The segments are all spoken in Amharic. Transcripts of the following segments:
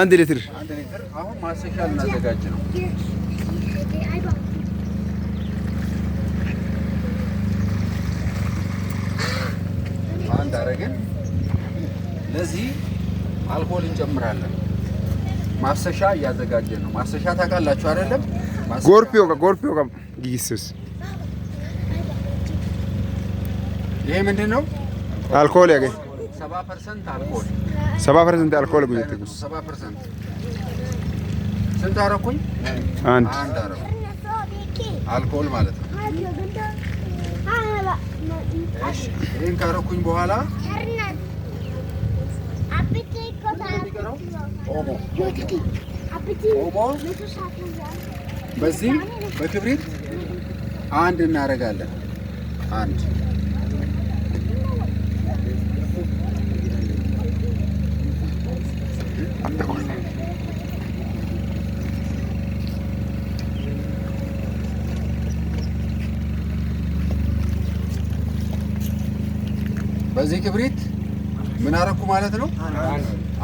አንድ ሊትር አሁን ማሰሻ ልናዘጋጅ ነው። አንድ አረግን። ለዚህ አልኮል እንጨምራለን። ማፍሰሻ እያዘጋጀ ነው። ማፍሰሻ ታውቃላችሁ አይደለም? ጎርፒዮ ጎርፒዮ ጊስስ ይሄ ምንድን ነው? አልኮል ያገኝ ሰባ ፐርሰንት አልኮል ሰባ ፐርሰንት ስንት አረኩኝ? አንድ አልኮል ማለት ነው። ይህን ካረኩኝ በኋላ በዚህም በክብሪት አንድ እናደርጋለን። አንድ እዚህ ክብሪት ምን አረኩ ማለት ነው?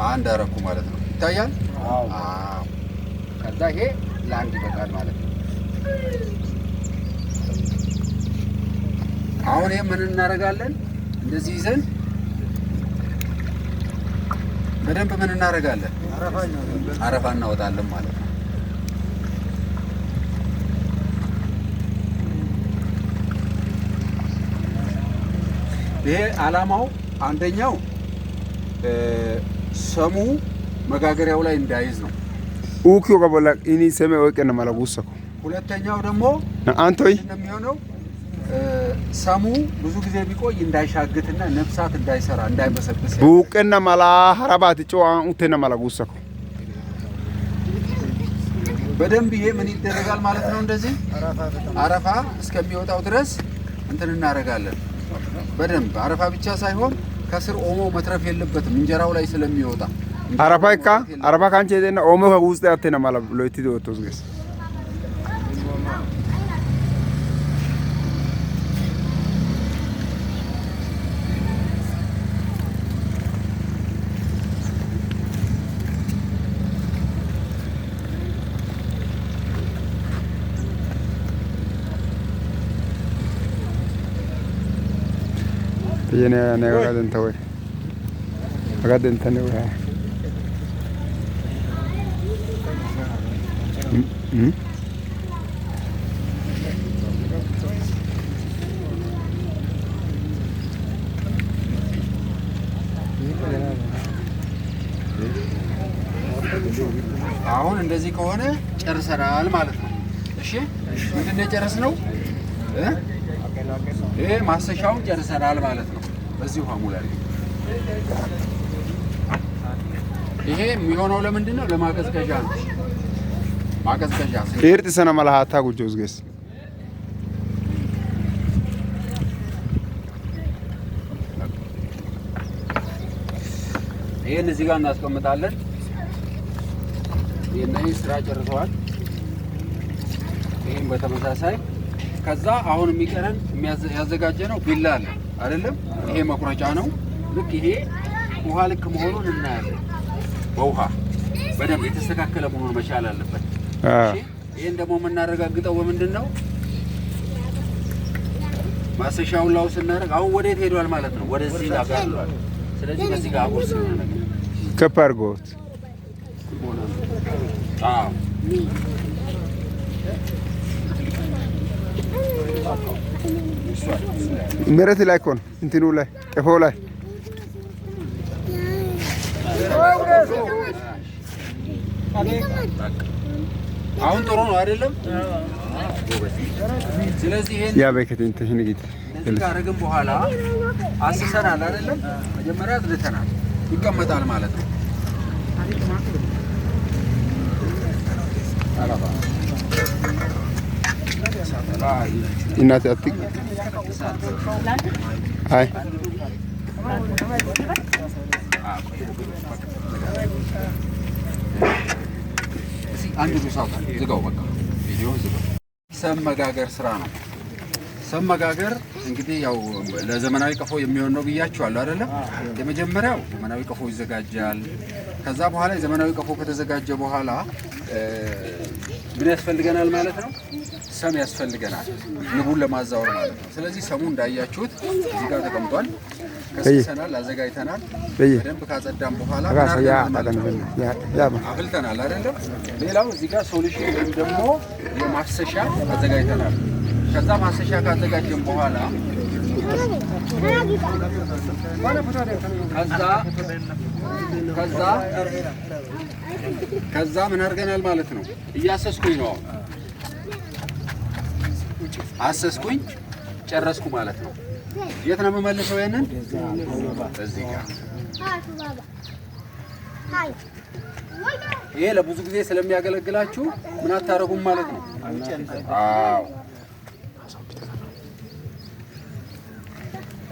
አንድ አረኩ ማለት ነው። ይታያል። ከዛ ይሄ ለአንድ ይበቃል ማለት ነው። አሁን ይሄ ምን እናደርጋለን? እንደዚህ ይዘን በደንብ ምን እናደርጋለን? አረፋ እናወጣለን ማለት ነው። ይሄ ዓላማው አንደኛው ሰሙ መጋገሪያው ላይ እንዳይዝ ነው። ኡኪዮ ቀበላ ኢኒ ሰሜ ወቀነ ማለጉሰኩ ሁለተኛው ደግሞ አንቶይ እንደሚሆነው ሰሙ ብዙ ጊዜ ቢቆይ እንዳይሻግትና ነፍሳት እንዳይሰራ እንዳይበሰብስ ቡቅና ማላ ሀራባት ጨዋን ኡቴና ማለጉሰኩ በደንብ ይሄ ምን ይደረጋል ማለት ነው። እንደዚህ አረፋ እስከሚወጣው ድረስ እንትን እናደርጋለን። በደንብ አረፋ ብቻ ሳይሆን ከስር ኦሞ መትረፍ የለበትም እንጀራው ላይ ስለሚወጣ አረፋ ይካ አረፋ ካንቺ ኦሞ ውስጥ ያተና ማላ ሎይቲ ዶቶስ ገስ የነገራል እንተ ወይ አጋደ እንተ ነው ያ አሁን እንደዚህ ከሆነ ጨርሰናል ማለት ነው። እሺ ምንድን ነው የጨረስነው? ይሄ ማሰሻውን ጨርሰናል ማለት ነው። በዚህ ውሃ ሙላ። ይሄ የሚሆነው ለምንድን ነው? ለማቀዝቀዣ ነው። ማቀዝቀዣ ኤርጥ ሰነ መላሃታ ጉጆ ዝገስ ይህን እዚህ ጋር እናስቀምጣለን። ይህ ስራ ጨርሰዋል። ይህም በተመሳሳይ ከዛ አሁን የሚቀረን ያዘጋጀ ነው ቢላ አለ አይደለም? ይሄ መቁረጫ ነው። ልክ ይሄ ውሃ ልክ መሆኑን እናያለን። በውሃ በደንብ የተስተካከለ መሆኑ መቻል አለበት። ይህን ደግሞ የምናረጋግጠው በምንድን ነው? ማሰሻውን ላው ስናደርግ አሁን ወዴት ሄዷል ማለት ነው? ወደዚህ ጋርሏል። ስለዚህ ከዚህ ጋር አጉር ስናደርግ ከፍ አድርጎት መሬት ላይ ኮን እንትኑ ላይ ጤፎ ላይ አሁን ጥሩ ነው አይደለም? ስለዚህ ያ በከተ እንትሽን ግት ካረግን በኋላ አስሰናል አይደለም? መጀመሪያ ይቀመጣል ማለት ነው። እናት አትይ አይ ሰም መጋገር ስራ ነው። ሰም መጋገር እንግዲህ ያው ለዘመናዊ ቀፎ የሚሆን ነው ብያችኋለሁ አይደለም። የመጀመሪያው ዘመናዊ ቀፎ ይዘጋጃል። ከዛ በኋላ የዘመናዊ ቀፎ ከተዘጋጀ በኋላ ምን ያስፈልገናል ማለት ነው ሰም ያስፈልገናል ንቡን ለማዛወር ማለት ነው። ስለዚህ ሰሙ እንዳያችሁት እዚህ ጋር ተቀምጧል። ከስሰናል፣ አዘጋጅተናል። በደንብ ካጸዳም በኋላ አፍልተናል አይደለም። ሌላው እዚህ ጋር ሶሉሽን ወይም ደግሞ የማፍሰሻ አዘጋጅተናል። ከዛ ማፍሰሻ ካዘጋጀን በኋላ ከዛ ምን አድርገናል ማለት ነው እያሰስኩኝ ነው አሰስኩኝ፣ ጨረስኩ ማለት ነው። የት ነው የምመልሰው? ይሄንን እዚህ ጋር ይሄ ለብዙ ጊዜ ስለሚያገለግላችሁ ምን አታረጉም ማለት ነው። አዎ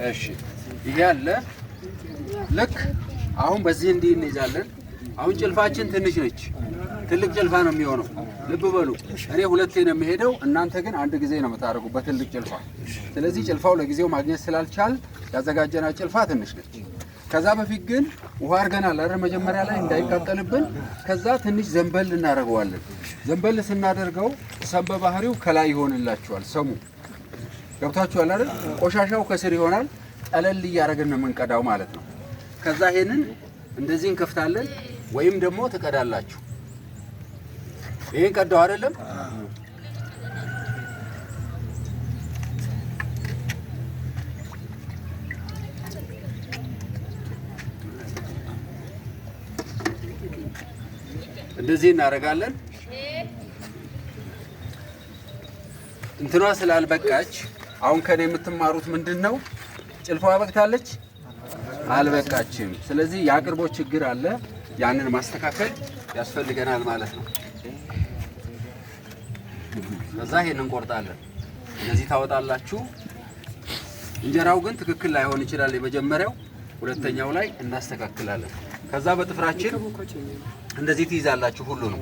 እሺ፣ ይሄ አለ። ልክ አሁን በዚህ እንዲህ እንይዛለን አሁን ጭልፋችን ትንሽ ነች። ትልቅ ጭልፋ ነው የሚሆነው። ልብ በሉ። እኔ ሁለቴ ነው የሚሄደው፣ እናንተ ግን አንድ ጊዜ ነው የምታደርጉ በትልቅ ጭልፋ። ስለዚህ ጭልፋው ለጊዜው ማግኘት ስላልቻል ያዘጋጀና ጭልፋ ትንሽ ነች። ከዛ በፊት ግን ውሃ አድርገናል አይደል? መጀመሪያ ላይ እንዳይቃጠልብን። ከዛ ትንሽ ዘንበል እናደርገዋለን። ዘንበል ስናደርገው ሰም ባህሪው ከላይ ይሆንላችኋል። ሰሙ ገብታችኋል አይደል? ቆሻሻው ከስር ይሆናል። ጠለል እያደረግን የምንቀዳው ማለት ነው። ከዛ ይሄንን እንደዚህ እንከፍታለን። ወይም ደግሞ ትቀዳላችሁ። ይህን ቀዳው አይደለም እንደዚህ እናደርጋለን። እንትኗ ስላልበቃች አሁን ከኔ የምትማሩት ምንድን ነው? ጭልፋ በቅታለች አልበቃችም። ስለዚህ የአቅርቦት ችግር አለ። ያንን ማስተካከል ያስፈልገናል ማለት ነው። በዛ ይሄን እንቆርጣለን። እነዚህ ታወጣላችሁ። እንጀራው ግን ትክክል ላይሆን ይችላል። የመጀመሪያው ሁለተኛው ላይ እናስተካክላለን። ከዛ በጥፍራችን እንደዚህ ትይዛላችሁ ሁሉ ነው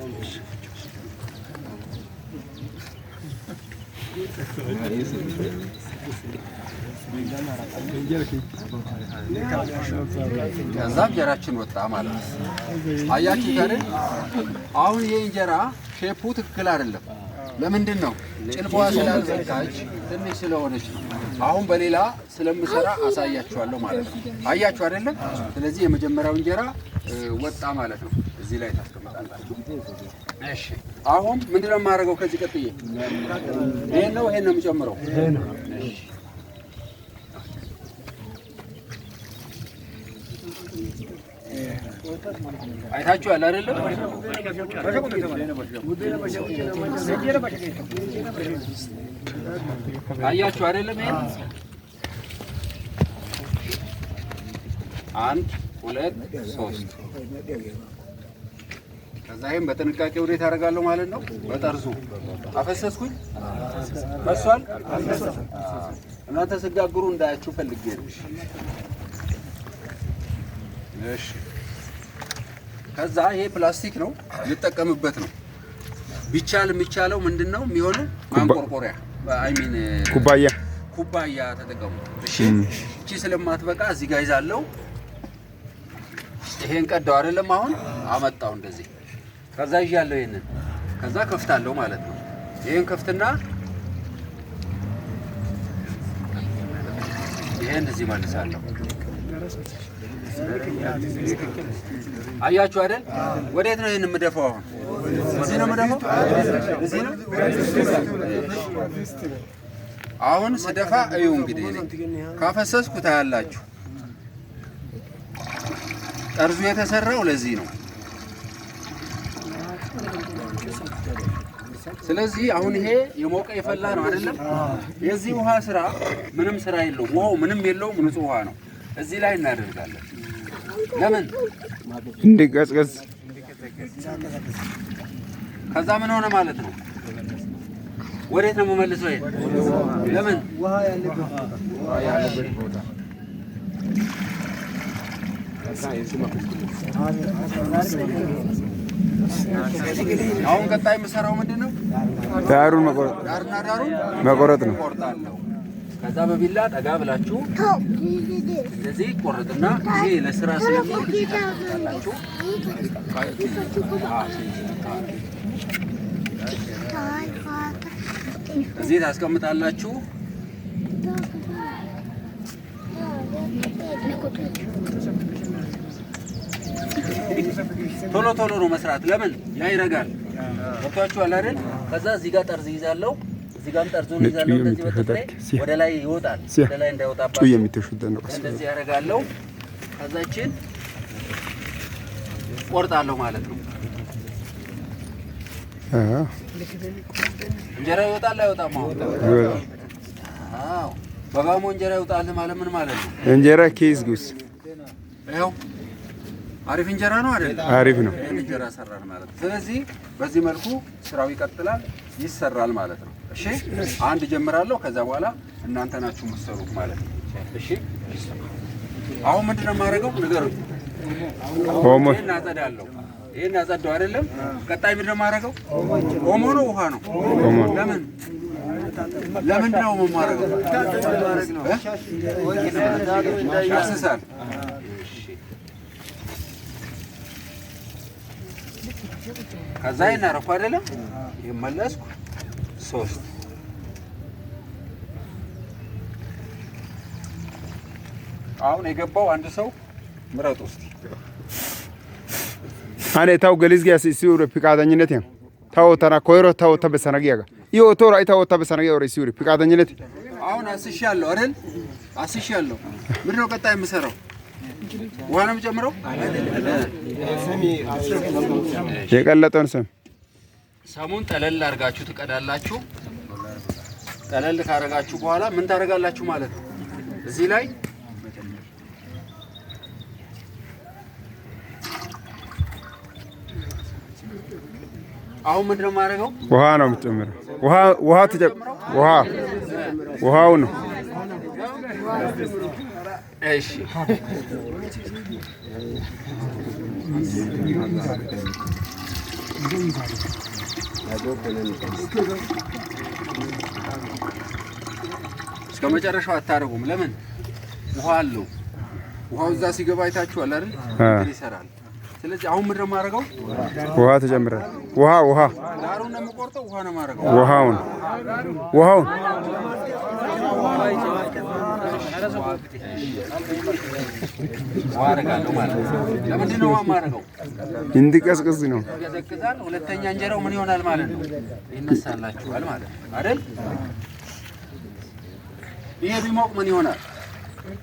ከዛ እንጀራችን ወጣ ማለት ነው። አያችሁ ታዲያ አሁን ይሄ እንጀራ ሼፑ ትክክል አይደለም። ለምንድን ነው ጭልፋዋ ስላልዘጋች ትንሽ ስለሆነች ነው። አሁን በሌላ ስለምሰራ አሳያችኋለሁ ማለት ነው። አያችሁ አይደለም? ስለዚህ የመጀመሪያው እንጀራ ወጣ ማለት ነው። እዚህ ላይ ታስቀምጣላችሁ። አሁን ምንድን ነው የማደርገው? ከዚህ ቀጥዬ ይሄን ነው ይሄን ነው የምጨምረው። አይታችኋል አይደለም? አያችሁ አይደለም? ይሄን አንድ ሁለት ሶስት ከዛ ይህም በጥንቃቄ ውዴት አደርጋለሁ ማለት ነው። በጠርዙ አፈሰስኩኝ። ፈሷል። እናንተ ስጋግሩ እንዳያችሁ ፈልጌ ነው። እሺ። ከዛ ይሄ ፕላስቲክ ነው የምጠቀምበት ነው። ቢቻል የሚቻለው ምንድን ነው የሚሆነው? ማንቆርቆሪያ አይሚን ኩባያ ኩባያ ተጠቀሙ። እሺ። እቺ ስለማትበቃ እዚህ ጋር ይዛለው። ይሄን ቀዳው አይደለም። አሁን አመጣው እንደዚህ ከዛ ያለው ይሄንን ከዛ ከፍታለሁ ማለት ነው። ይሄን ከፍትና ይሄን እዚህ መልሳለሁ። አያችሁ አይደል? ወዴት ነው ይሄን የምደፋው? አሁን እዚህ ነው አሁን ስደፋ እዩ። እንግዲህ እኔ ካፈሰስኩ ታያላችሁ። ጠርዙ የተሰራው ለዚህ ነው። ስለዚህ አሁን ይሄ የሞቀ የፈላ ነው አይደለም? የዚህ ውሃ ስራ ምንም ስራ የለውም። ውሃው ምንም የለውም፣ ንጹህ ውሃ ነው። እዚህ ላይ እናደርጋለን። ለምን እንዲቀዝቀዝ። ከዛ ምን ሆነ ማለት ነው? ወዴት ነው የምመልሰው? ይሄ ለምን ውሃ አሁን ቀጣይ የምሰራው ምንድን ነው? ዳሩን መቆረጥ ዳርና ዳሩን መቆረጥ ነው። ከዛ በቢላ ጠጋ ብላችሁ እንደዚህ ቆረጥና ይሄ ለስራ ስለሚሆን እዚህ ታስቀምጣላችሁ። ቶሎ ቶሎ ነው መስራት። ለምን ያ ይረጋል። ገብቷችኋል አይደል? ከዛ እዚህ ጋር ጠርዝ ይዛለው፣ እዚህ ጋርም ጠርዙን ይዛለው። ወደ ላይ ይወጣል። ወደ ላይ ከዛችን ማለት ነው። እንጀራ ይወጣል አይወጣም? እንጀራ ይወጣል ማለት ምን ማለት ነው? እንጀራ ኬዝ ጉስ ይኸው አሪፍ እንጀራ ነው አይደል? አሪፍ ነው። እንጀራ ሰራን ማለት ነው። ስለዚህ በዚህ መልኩ ስራው ይቀጥላል ይሰራል ማለት ነው። እሺ አንድ ጀምራለሁ፣ ከዛ በኋላ እናንተ ናችሁ የምትሰሩት ማለት ነው። እሺ አሁን ምንድነው የማደርገው? ንገሩኝ። ኦሞ ይሄን አጸዳለሁ። ይሄን አጸዳው አይደለም። ቀጣይ ምንድነው የማደርገው? ኦሞ ነው፣ ውሃ ነው። ለምን ለምንድነው የማደርገው? ያስሳል ከዛ ይናረኩ አይደለም ይመለስኩ ሶስት አሁን የገባው አንድ ሰው ምረጥ ውስጥ አኔ ታው ገሊዝ ገሊዝጊያ ሲሲሩ ፍቃደኝነት ያ ታው ተና ኮይሮ ታው ተበሰና ጊያ ይሄ ቶራ ይታው ተበሰና ጊያ ወሬ ሲሩ ፍቃደኝነት አሁን አስሽ ያለው አይደል አስሽ ያለው አስሻለሁ ነው ቀጣይ የምሰራው ውሃ ነው የሚጨምረው። የቀለጠውን ስም ሰሙን ጠለል አድርጋችሁ ትቀዳላችሁ። ጠለል ካደረጋችሁ በኋላ ምን ታደርጋላችሁ ማለት ነው። እዚህ ላይ አሁን ምንድን ነው የማደርገው? ውሃ ነው የምትጨምረው። ውሃ ውሃ ውሃው ነው እሺ እስከ መጨረሻው አታደርጉም። ለምን? ውሃ አለው። ውሃው እዛ ሲገባ አይታችኋል አይደል? ይሰራል። ስለዚህ አሁን ምንድን ነው የማደርገው? ውሃ ተጨምራል። ውሃ ውሃ ዳሩን ነው የምቆርጠው። ውሃ ነው የማደርገው። ውሃውን ውሃውን እንዲቀዝቅዝ ነው። ሁለተኛ እንጀራው ምን ይሆናል ማለት ነው? ይነሳላችኋል ማለት ነው አይደል? ይሄ ቢሞቅ ምን ይሆናል?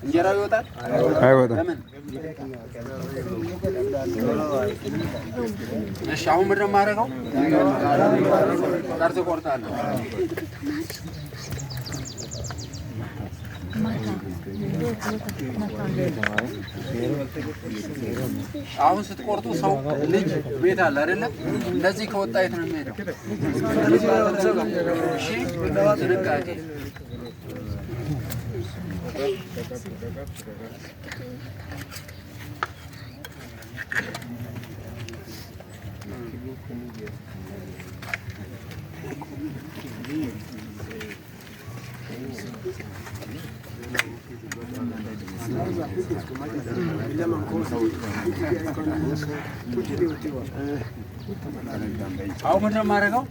እንጀራው ይወጣል አይወጣም? እሺ፣ አሁን ምንድን ነው የማደርገው? ጠርዝ ቆርጣለሁ አሁን ስትቆርጡ ሰው ልጅ ቤት አለ አይደለ? እንደዚህ ከወጣ የት ነው የሚሄደው? ጥንቃቄ አሁን ምንድን ነው የማደርገው?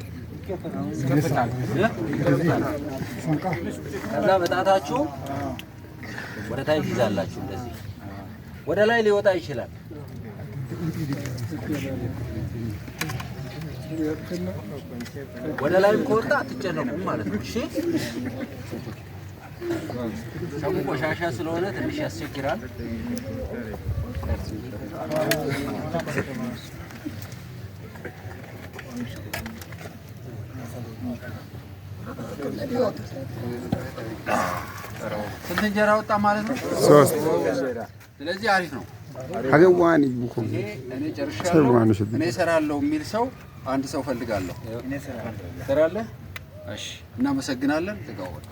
ከዛ በጣታችሁ ወደ ታች ይዛላችሁ። እንደዚህ ወደ ላይ ሊወጣ ይችላል። ወደ ላይም ከወጣ አትጨነቁም ማለት ነው። እሺ ሰው ቆሻሻ ስለሆነ ትንሽ ያስቸግራል። ስንት እንጀራ ወጣ ማለት ነው? ሶስት። ስለዚህ አሪፍ ነው። አገዋን ይቡኩም እኔ ጨርሻለሁ፣ እኔ እሰራለሁ የሚል ሰው አንድ ሰው ፈልጋለሁ። እሰራለህ? እሺ፣ እናመሰግናለን። ጥጋው ወጣ